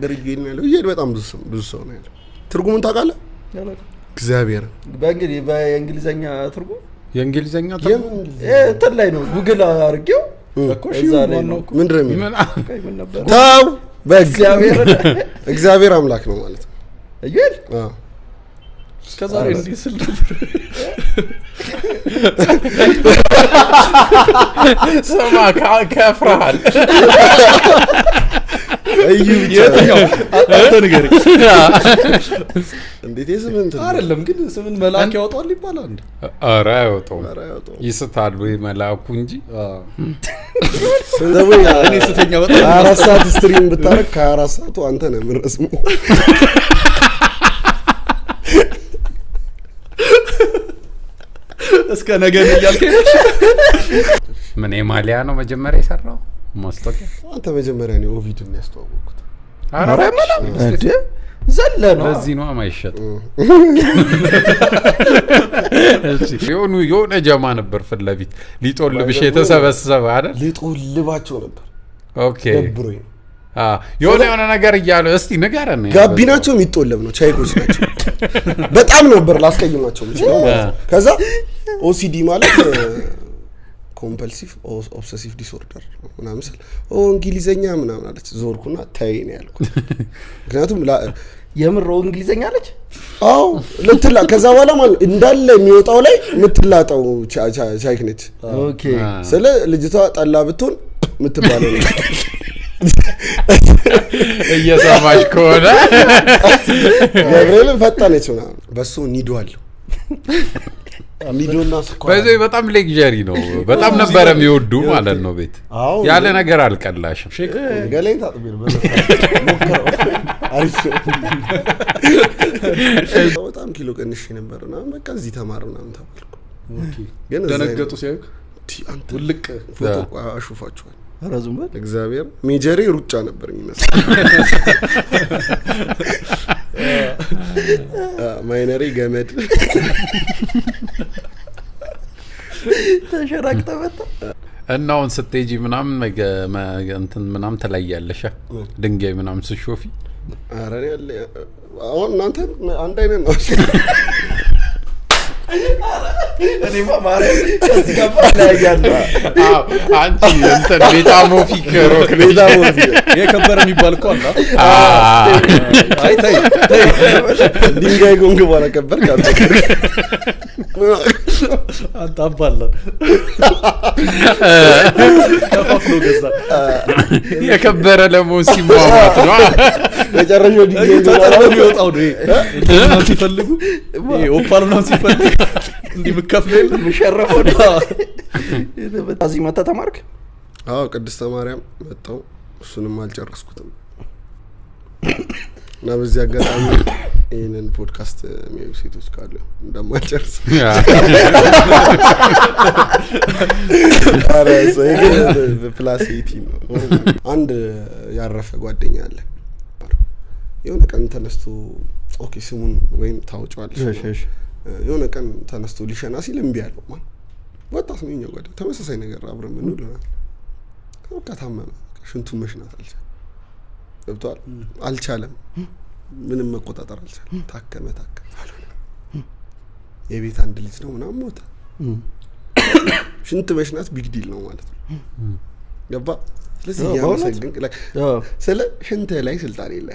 ሀገር እየሄድን ያለው እየሄድ በጣም ብዙ ሰው ነው ያለው። ትርጉሙን ታውቃለህ? እግዚአብሔር በእንግዲህ በእንግሊዘኛ ትርጉም የእንግሊዘኛ እንትን ላይ ነው ጉግል አድርጌው ምንድን ነው የሚለው ተው እግዚአብሔር አምላክ ነው ማለት ነው። እዩል እስከዛሬ እንዲህ ስል ነበር። ስማ ከፍረሃል እዩ የትኛው አንተ እንዴት አይደለም ግን ስምን መልአክ ያወጣል ይባላል እንዴ? ኧረ አያወጣውም፣ መልአኩ እንጂ እኔ ስተኛ በጣም አራት ሰዓት ስትሪም ብታረግ ከሀያ ሰዓቱ አንተ ነህ የምንረስመው። እስከ ነገ እያልከኝ ምን የማሊያ ነው መጀመሪያ የሰራው ማስታወቂያ አንተ መጀመሪያ ነው ኦቪድ የሚያስተዋወቁት አረ ዘለ ነው። ለዚህ ነው ማይሸጥ። የሆኑ የሆነ ጀማ ነበር ፊት ለፊት ሊጦልብሽ የተሰበሰበ አይደል? ሊጦልባቸው ነበር። ኦኬ ደብሮኝ የሆነ የሆነ ነገር እያሉ እስቲ ጋቢ ናቸው የሚጦለብ ነው። ቻይኮች ናቸው። በጣም ነበር ላስቀይማቸው። ከዛ ኦሲዲ ማለት ኮምፐልሲቭ ኦብሰሲቭ ዲስኦርደር ምናምን ስል እንግሊዘኛ ምናምን አለች። ዞርኩና ተይ ነው ያልኩት። ምክንያቱም የምረው እንግሊዘኛ አለች። አዎ ልትላ ከዛ በኋላ ማለት እንዳለ የሚወጣው ላይ የምትላጠው ቻይክ ነች። ስለ ልጅቷ ጠላ ብትሆን የምትባለው ነች። እየሰማች ከሆነ ገብርኤልን ፈጣነች ምናምን በሱ ኒዱ አለሁ በዚህ በጣም ሌግዠሪ ነው። በጣም ነበረ የሚወዱ ማለት ነው። ቤት ያለ ነገር አልቀላሽም። በጣም ኪሎ ቀንሽ ነበር ና በቃ እዚህ ተማር ምናምን ተባልኩ። ግን ደነገጡ ሲያዩት ውልቅ ፎቶ አሹፋችኋል ረዙበት እግዚአብሔር ሜጀሬ ሩጫ ነበር የሚመስል ማይነሪ ገመድ ተሸራቅተ መጣ እና አሁን ስትሄጂ ምናምን እንትን ምናምን ተለያለሽ ድንጋይ ምናምን ስሾፊ አሁን እናንተ አንድ አይነት ነው እኔማ ማርያም ሲገባ ላያያል አንቺ እንትን ቤታሞፊክ ሮክ የከበረ የሚባል እኮ አላ አይ ተይ ተይ ድንጋይ ጎንግቧ ነከበር አታባላ ከፋፍሎ ገዛ። የከበረ ለመሆን ሲሟሟት ነው። መጨረሻው የሚወጣው ነው ሲፈልጉ ኦፓል ምናምን ሲፈልጉ እንዲህ የምከፍለው የለም የምሸረፈው ነው። እዚህ ተማርክ? አዎ ቅድስተ ማርያም መጣው እሱንም አልጨረስኩትም እና በዚህ አጋጣሚ ይህንን ፖድካስት የሚያዩ ሴቶች ካሉ እንደማጨርስ ፕላስ ኤቲን ነው። አንድ ያረፈ ጓደኛ አለ። የሆነ ቀን ተነስቶ ኦኬ፣ ስሙን ወይም ታውጫዋል የሆነ ቀን ተነስቶ ሊሸና ሲል እምቢ ያለው ማ ወጣት ነው የእኛ ጓደኛ፣ ተመሳሳይ ነገር አብረን የምንውል ሆናል። በቃ ታመመ፣ ሽንቱ መሽናት አልቻለም። ገብቶሃል? አልቻለም ምንም መቆጣጠር አልቻለም። ታከመ ታከመ አልሆነ። የቤት አንድ ልጅ ነው ምናምን ሞተ። ሽንት መሽናት ቢግዲል ነው ማለት ነው። ገባ ስለ ሽንትህ ላይ ስልጣን የለ።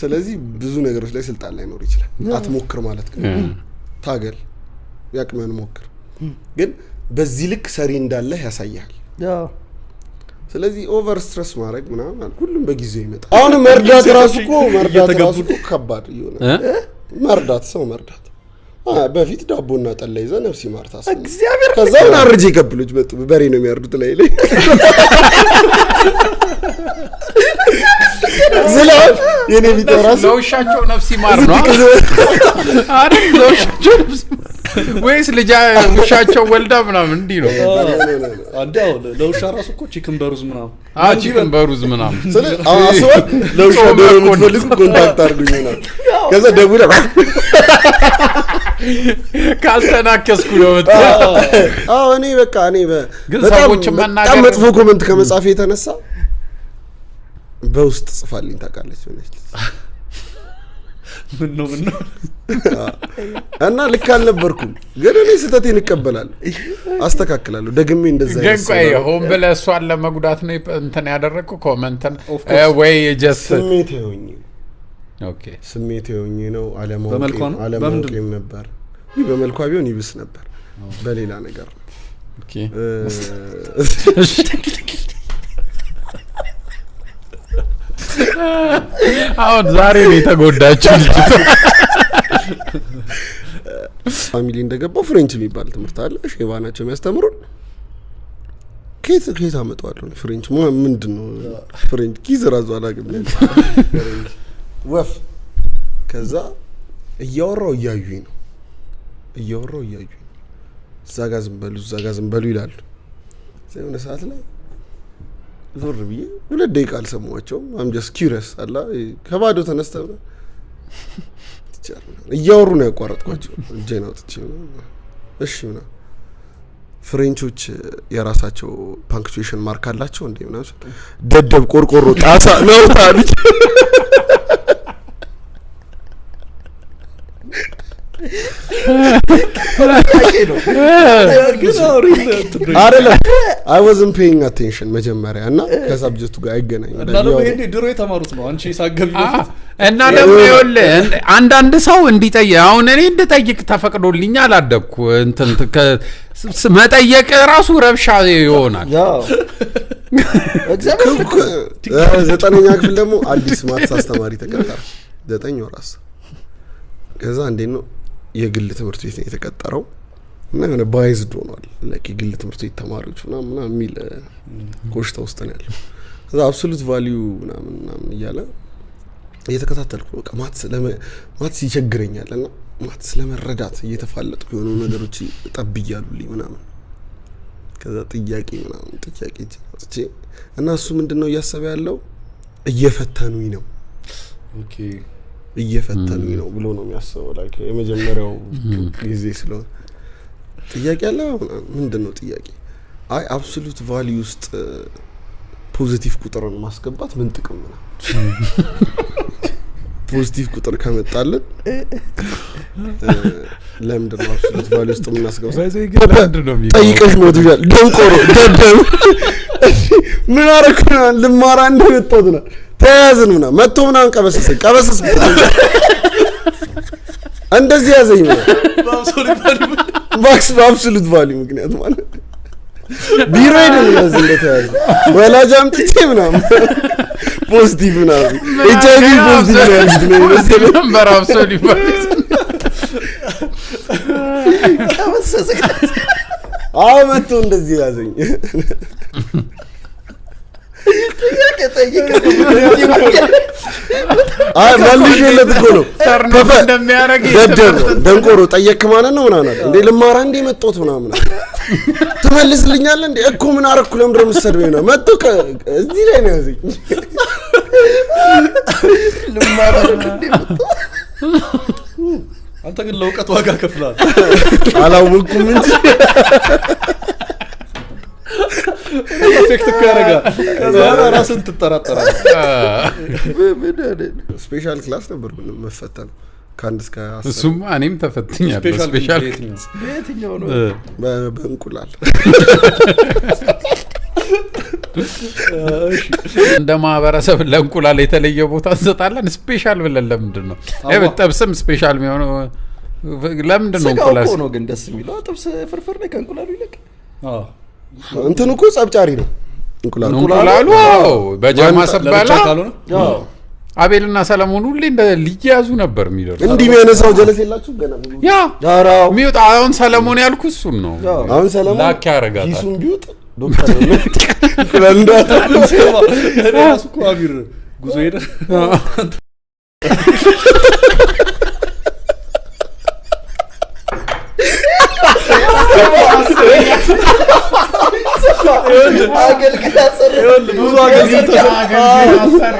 ስለዚህ ብዙ ነገሮች ላይ ስልጣን ላይኖር ይችላል። አትሞክር ማለት ግን ታገል፣ ያቅመን ሞክር። ግን በዚህ ልክ ሰሪ እንዳለህ ያሳያል። ስለዚህ ኦቨር ስትረስ ማድረግ ምናምን ሁሉም በጊዜው ይመጣል። አሁን መርዳት ራሱ እኮ መርዳት ራሱ እኮ ከባድ እየሆነ መርዳት ሰው መርዳት በፊት ዳቦና ጠላ ይዘህ ነፍስ ይማር ታስብ እግዚአብሔር። ከዛ ምን አርጅ ይከብሉት መጡ በሬ ነው የሚያርዱት ላይ ላይ ዝላብ የኔ ቢጠው ራሱ ለውሻቸው ነፍስ ይማር ነው ለውሻቸው ነፍስ ወይስ ልጃ ውሻቸው ወልዳ ምናምን እንዲህ ነው። ለውሻ ራሱ እኮ ቺክን በሩዝ ምናምን አ ቺክን በሩዝ ምናምን ለውሻ ኮንታክት አድርጉኝ ነው። ከዛ ካልተናከስኩ ነው እኔ በቃ እኔ በጣም መጥፎ ኮመንት ከመጻፍ የተነሳ በውስጥ ጽፋልኝ ታውቃለች ሆነች ምን ነው ምን ነው እና ልክ አልነበርኩም፣ ግን እኔ ስህተቴን እቀበላለሁ፣ አስተካክላለሁ። ደግሜ እንደዛ ግን ቆይ ሆን ብለህ እሷን ለመጉዳት ነው እንትን ያደረግኩ ኮመንትን ወይ ጀስት ስሜት የሆኝ ስሜት ሆኝ ነው አለማወቄም ነበር። ይህ በመልኳ ቢሆን ይብስ ነበር፣ በሌላ ነገር ነው አሁን ዛሬ ነው የተጎዳችው ልጅ ፋሚሊ እንደገባው ፍሬንች የሚባል ትምህርት አለ። ሼባ ናቸው የሚያስተምሩን። ከየት ከየት አመጣዋለሁ ፍሬንች ምንድን ነው ፍሬንች ኪዝ ራዙ አላግም ወፍ ከዛ እያወራው እያዩኝ ነው እያወራው እያዩኝ እዛ ጋ ዝንበሉ እዛ ጋ ዝንበሉ ይላሉ የሆነ ሰዓት ላይ ዞር ብዬ ሁለት ደቂቃ አልሰማኋቸውም። አም ጀስት ኪውሪየስ አላ ከባዶ ተነስተ እያወሩ ነው ያቋረጥኳቸው። እጄን አውጥቼ እሺ ምና ፍሬንቾች የራሳቸው ፓንክቹዌሽን ማርክ አላቸው እንዴ ምናምን ደደብ ቆርቆሮ ጣሳ ነው ታልጅ አይወዝም ፔይንግ አቴንሽን መጀመሪያ እና ከሳብጀክቱ ጋር አይገናኝም። እና ድሮ የተማሩት ነው። አንቺ ሳገቢ እና ደግሞ ይኸውልህ አንዳንድ ሰው እንዲጠይቅ አሁን እኔ እንድጠይቅ ተፈቅዶልኛ አላደግኩ እንትን መጠየቅ ራሱ ረብሻ ይሆናል። ዘጠነኛ ክፍል ደግሞ አዲስ ማትስ አስተማሪ ተቀጠረ። ዘጠኝ ወራስ ከዛ እንዴት ነው የግል ትምህርት ቤት ነው የተቀጠረው እና የሆነ ባይዝድ ሆኗል። የግል ትምህርት ቤት ተማሪዎች ምናምን ምናምን የሚል ኮሽታ ውስጥ ነው ያለው። እዛ አብሶሉት ቫሊዩ ምናምን ምናምን እያለ እየተከታተልኩ በቃ ማትስ ይቸግረኛል እና ማትስ ለመረዳት እየተፋለጥኩ የሆኑ ነገሮች ጠብ እያሉልኝ ምናምን ከዛ ጥያቄ ምናምን ጥያቄ ጭ እና እሱ ምንድን ነው እያሰበ ያለው እየፈተኑኝ ነው እየፈተኑኝ ነው ብሎ ነው የሚያስበው። ላይ የመጀመሪያው ጊዜ ስለሆነ ጥያቄ አለ። ምንድን ነው ጥያቄ? አይ አብሶሉት ቫሊዩ ውስጥ ፖዚቲቭ ቁጥርን ማስገባት ምን ጥቅም ነው? ፖዚቲቭ ቁጥር ከመጣለን ለምንድን ነው አብሶሉት ቫሊ ውስጥ የምናስገባጠይቀሽ ሞትሻል። ደንቆሮ ደደም ምን አረኩናል ልማራ እንደመጣት ነው ተያያዝን ምናምን መጥቶ ምናምን ቀበስስን ቀበስስ እንደዚህ ያዘኝ ባክስ በአብሶሉት ቫሊዩ ምክንያት ማለት ቢሮ ሄደን ያዝ እንደተያዘ ወላጅ አምጥቼ ምናምን ፖዚቲቭ ምናምን ኤች አይ ቪ ፖዚቲቭ ነው በአብሶሉት ቫሊዩ ቀበሰስ አዎ መጥቶ እንደዚህ ያዘኝ ጥያቄ እኮ ነው ደንቆሮ ጠየክ ማለት ነው ምናምን አለ እንዴ ልማራ እንዴ መጦት ምናምን ትመልስልኛለህ እንዴ እኮ ምን አደረኩ ለምንድን ነው ነው መጥቶ እዚህ ላይ ነው ያዘኝ ልማራ እንዴ አንተ ግን ለእውቀት ዋጋ ከፍላል አላወኩም እንጂ ኤክስፔክት እኮ ያደርጋል። ራስን ትጠራጠራል። ስፔሻል ክላስ ነበር መፈተን ከአንድ እስከ እሱም እኔም ተፈትኛለሁ። ስፔሻል በየትኛው ነው? በእንቁላል እንደ ማህበረሰብ ለእንቁላል የተለየ ቦታ እንሰጣለን። ስፔሻል ብለን ለምንድን ነው ጥብስም ስፔሻል የሚሆነው? ለምንድን ነው እንቁላል ነው ግን ደስ የሚለው ጥብስ ፍርፍር ነው ከእንቁላሉ ይልቅ እንትን እኮ ጸብጫሪ ነው እንቁላሉ በጃማ ሰባላ አቤልና ሰለሞን ሁሌ እንደ ሊያዙ ነበር የሚደርሱ እንዲህ የሚያነሳው ጀለስ የላችሁ ገና ያ የሚወጣ አሁን ሰለሞን ያልኩ እሱን ነው። አሁን ሰለሞን ላክ ያረጋታል ሱን ቢውጥ ዶክተር ለእንዳሱ ጉዞ ሄደ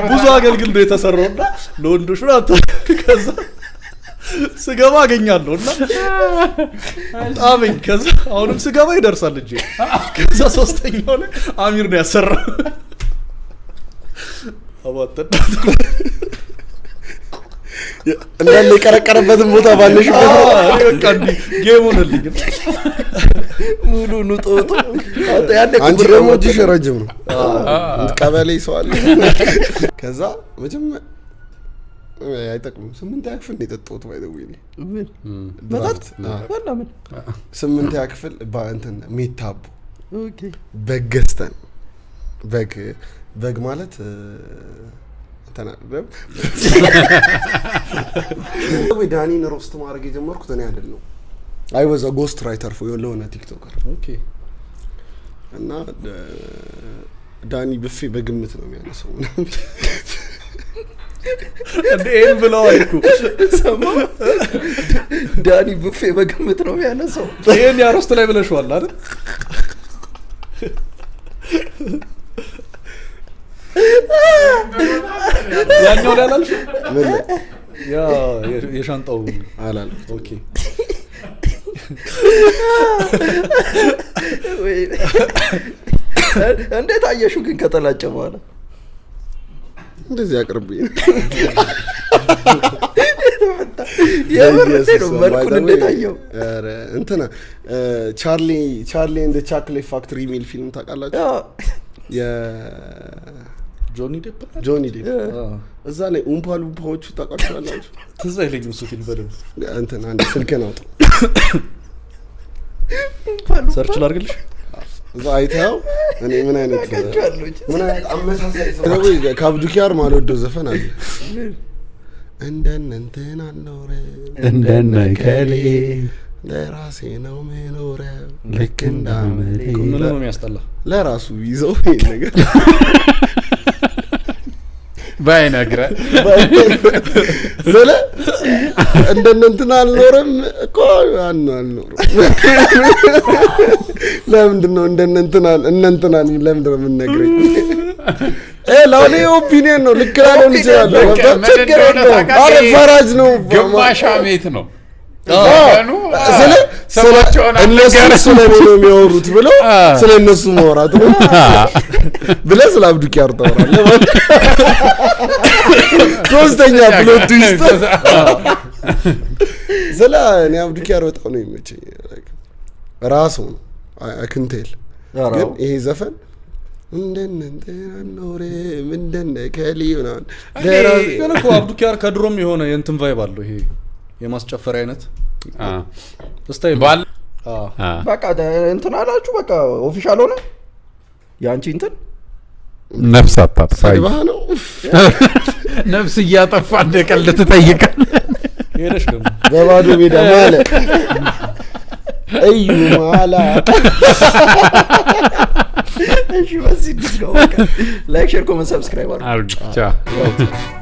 ብዙ አገልግል ነው የተሰራው እና ለወንዶች ከዛ ስገባ አገኛለሁ እና ጣመኝ። ከዛ አሁንም ስገባ ይደርሳል እጅ ከዛ ሶስተኛው ላይ አሚር ነው ያሰራው። እንዳለ የቀረቀረበትን ቦታ ባለሽ ጌም ሆነልኝ። ሙሉ ኑጦጡ አንቺ ደግሞ እጅሽ ረጅም ነው። ቀበሌ ሰው አለ። ከዛ መጀመሪያ አይጠቅሙም ስምንት ያክፍል ነው የጠጣሁት። ምን ስምንት ያክፍል በእንትን ሚታቡ በግ ገዝተን በግ በግ ማለት ተናደም ወይ ዳኒን ሮስት ማድረግ የጀመርኩት እኔ አይደለሁም አይ ወዝ ጎስት ራይተር ፎ ለሆነ ቲክቶከር እና ዳኒ ብፌ በግምት ነው የሚያነሰው ይህን ብለው አልኩ ሰማ ዳኒ ብፌ በግምት ነው የሚያነሰው። ይህን ያሮስት ላይ ብለሽዋል አይደል? ያኛው ላይ አላልሽም? የሻንጣው አላል ኦኬ እንዴት አየሹ ግን ከጠላጨ በኋላ እንደዚህ አቅርብ እንትና ቻርሊ ቻርሊ እንደ ቻክሌት ፋክትሪ የሚል ፊልም ታውቃላችሁ? ጆኒ ዴፕ ጆኒ ዴፕ እዛ ላይ ኡምፓ ሉምፓዎቹ ታውቃቸዋላችሁ? ትዛ ይለኝ እሱ ፊልም በደምብ እንትን አንድ ስልክህን አውጣ ሰርች ላርግልሽ እዛ አይተኸው እኔ ምን አይነት ምን አይነት አመሳሳይ ሰው ካብዱኪያር ማልወደው ዘፈን አለ እንደነ እንትን እንደነ ከሌ ለራሴ ነው መኖረ ልክ እንዳመሌ ለራሱ ይዘው ነገር ባይነግረ ስለ እንደነንትን አልኖርም እኮ አኖ አልኖርም። ለምንድን ነው እንደነ እንትን እነ ለምንድን ነው የምንነግረኝ? ለሁኔ ኦፒኒየን ነው። ልክ ላልሆን ይችላል። ችግር የለውም። አረፈራጅ ነው። ግማሽ አሜት ነው እነሱ ስለኔ ነው የሚያወሩት ብሎ ስለ እነሱ ስለ አብዱኪያር ታወራለህ። ሶስተኛ ስለ እኔ አብዱኪያር በጣም ነው የሚመቸኝ። ራሱ አክንቴል ግን ይሄ ዘፈን ከሊ ምናምን ከድሮም የሆነ የእንትን ቫይብ አለው ይሄ የማስጨፈር አይነት በቃ እንትን አላችሁ በቃ ኦፊሻል ሆነ የአንቺ እንትን ነፍስ አታጥፋ ነው ነፍስ እያጠፋ እንደ ቀልድ ትጠይቃለህ ሄደሽ ደግሞ በባዶ ሜዳ ማለ እዩ ማላ እሺ በዚህ ላይክ ሼር ኮመንት ሰብስክራይብ አድርጉ